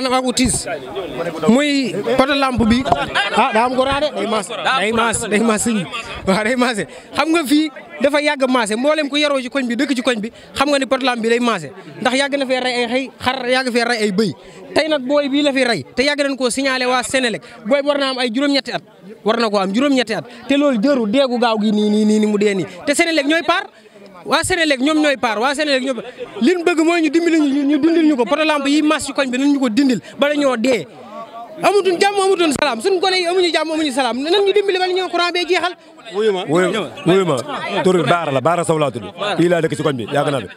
la na ak utis muy a lamp bi ah daa am goraa de day maas day maas day maas sëñ waaw day maase xam nga fii dafa yàgg maase mboolem ko yaroo ci koñ bi dëkk ci koñ bi xam nga ni poto lamp bi day maase ndax yàgg na fee rey ay xëy xar yàgg fee rey ay bay tey nag booy bii la fi rey te yàgg nañ koo signalé waa Sénélec booy bi war naa am ay juróom-ñetti at war na koo am juróom-ñetti at te loolu jëru deegu gaaw gi nii mu dee nii te Sénélec ñooy paar waa Sénélec ñoom ñooy paar waa Sénélec ñoom li ñu bëgg mooy ñu dimbali ñu ñu dindil ñu ko poto lampe yi mas ci koñ bi nañ ñu ko dindil bala ñoo dee amutuñ jàmm amutuñ salaam suñ gone yi amuñu jàmm amuñu salaam nan ñu dimbali bala ñoo courant bee jeexal wuyu ma wuyu baara la baara saw laa tudd laa dëkk ci koñ bi yàgg naa bi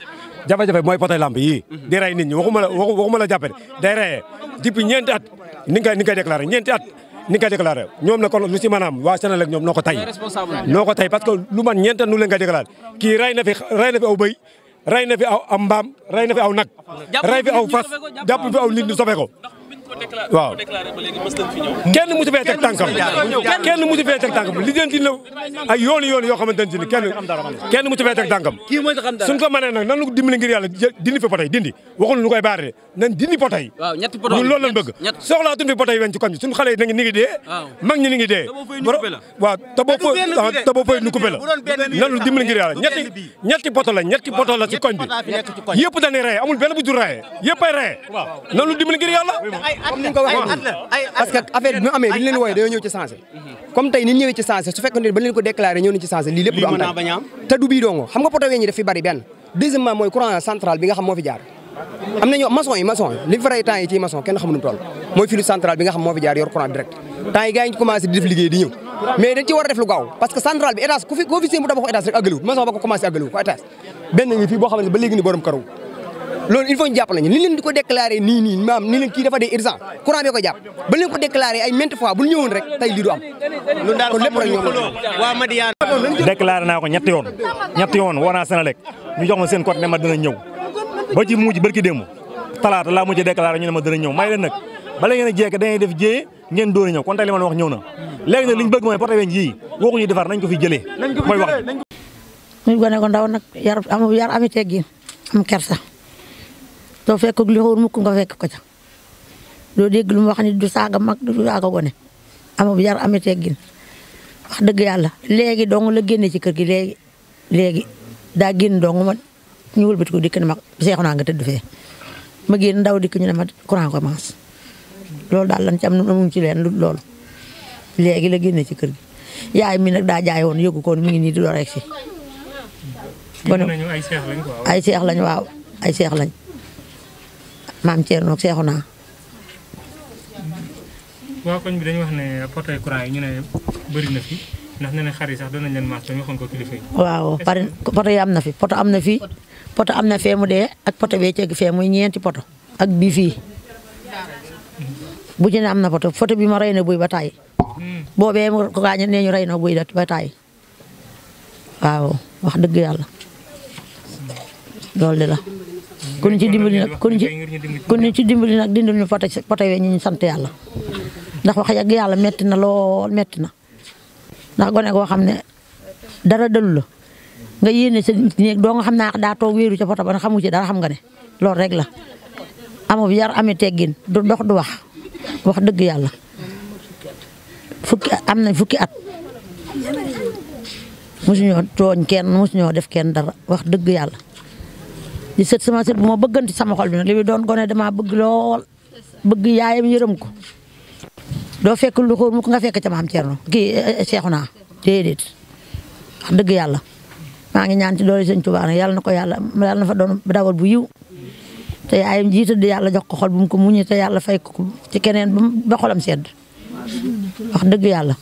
jafe-jafe mooy poto lampe yii di rey nit ñi waxuma la waxuma la jàppale day reyee at ni nga ni nga déclaré ñeenti at ni nga déclaré ñoom na kon lu si maanaam waa Sénégal ñoom noo ko tay noo ko tay parce que lu man ñeenta nu leen nga déclaré kii rey na fi rey na fi aw bëy rey na fi aw mbaam rey na fi aw nag rey fi aw fas jàpp fi aw nit ñu sofe ko waaw kenn musu fee teg tànkam kenn musu fee teg tànkam li leen di ay yoon yoon yoo xamante ne kenn kenn musu fee teg tànkam suñ ko mënee nag nan lu dindi fi potay dindi waxuñu lu koy baare de nan dindi potay ñun loolu lañ bëgg soxlaatuñ fi potay wen ci koñ suñ xale yi ni ngi dee mag ñi dee waaw te boo fay te boo ñetti ñetti poto ñetti poto la ci koñ bi yëpp dañuy rey amul benn bu dul rey yëpp comme parce que affaire bi mu dañoo ñëw ci sensé comme tey ni ñu ci sensé su fekkoon ne ba ko déclaré ñëw nañ ci sensé lii lépp du am tey te du bii dongo xam fi bari benn deuxièmement mooy courant central bi nga xam moo fi jaar am nañu maçon yi maçon yi li yi ci maçon kenn xamu nu toll mooy filu central bi nga xam moo fi jaar yor courant direct temps yi gars yi ñu di def liggéey di ñëw mais dañ ci war def lu gaaw parce que central loolu il faut ñu jàpp nañu li leen di ko déclaré nii nii maam ni leen kii dafa dee urgent courant bi ko jàpp ba leen ko déclaré ay maintes fois bu ñu ñëwoon rek tey lii kon lépp rek ñoom waa Madiane déclaré naa ko ñetti yoon ñetti yoon woo naa lek ñu jox ma seen code ne ma dana ñëw ba mu mujj barki démb talaata laa mujj déclaré ñu ne ma dana ñëw may leen nag bala ngeen a jeeke dangay def jéyee ngeen dóori ñëw kon tey li ma wax ñëw na léegi nag li ñu bëgg mooy porte-benn yii waxuñu defar nañ ko fi jëlee mooy wax muy gone ko ndaw nag yar am yar ami teggin am kersa soo fekk li xóor mukk nga fekk ko ca doo dégg lu mu wax ni du saaga mag du saaga gone ama bu yar amee teggin wax dëgg yàlla léegi dong la génne ci kër gi léegi léegi daa génn dong ma ñu wëlbati ko dikk ma seexu naa nga tëdd fee ma génn ndaw dikk ñu ne ma courant commence loolu daal la ci am amuñ ci leen loolu léegi la génne ci kër gi yaay mi nag daa jaay woon yëgu ko mi ngi nii di door rek si. ay seex lañ waaw ay lañ. maam Thierno ak Cheikhouna. waaw wax ne portée courant yi sax doon nañ leen yi. poto yi am na fi poto am na fi poto am na fee mu dee ak poto bee ceeg fee muy ñeenti poto ak bii fii bu ci ne am na poto poto bi ma rey na buy ba taay. Hmm. boobee mu ko gaañ nee ñu rey na buy ba taay waaw wax dëgg yàlla hmm. loolu de la. kon ñu ci dimbali nag kon ñu ci kon dimbali nag dindal ñu pata pata yooyu sant yàlla ndax wax yàgg yàlla metti na lool metti na ndax gone goo xam ne dara dalu la nga yéene si néeg doo nga xam naa daa toog wéeru ca pata ba nga xamu ci dara xam nga ne loolu rek la amoo yar amee teggin du dox du wax wax dëgg yàlla fukki na fukki at mosuñoo tooñ kenn mosuñoo def kenn dara wax dëgg yàlla di sët sama sët bu ma bëgganti sama xol bi nag li mu doon gone damaa bëgg lool bëgg yaayam yërëm ko doo fekk lu ko mu ko nga fekk ca maam Thierno kii seexu eh, eh, naa déedéet wax dëgg yàlla maa ngi ñaan ci doole sëñ Tuubaa nag yàlla na ko yàlla yàlla na fa doon dawal bu yiw te yaayam jiite di yàlla jox ko xol bu mu ko muñee te yàlla fay ko ci keneen ba xolam sedd wax dëgg yàlla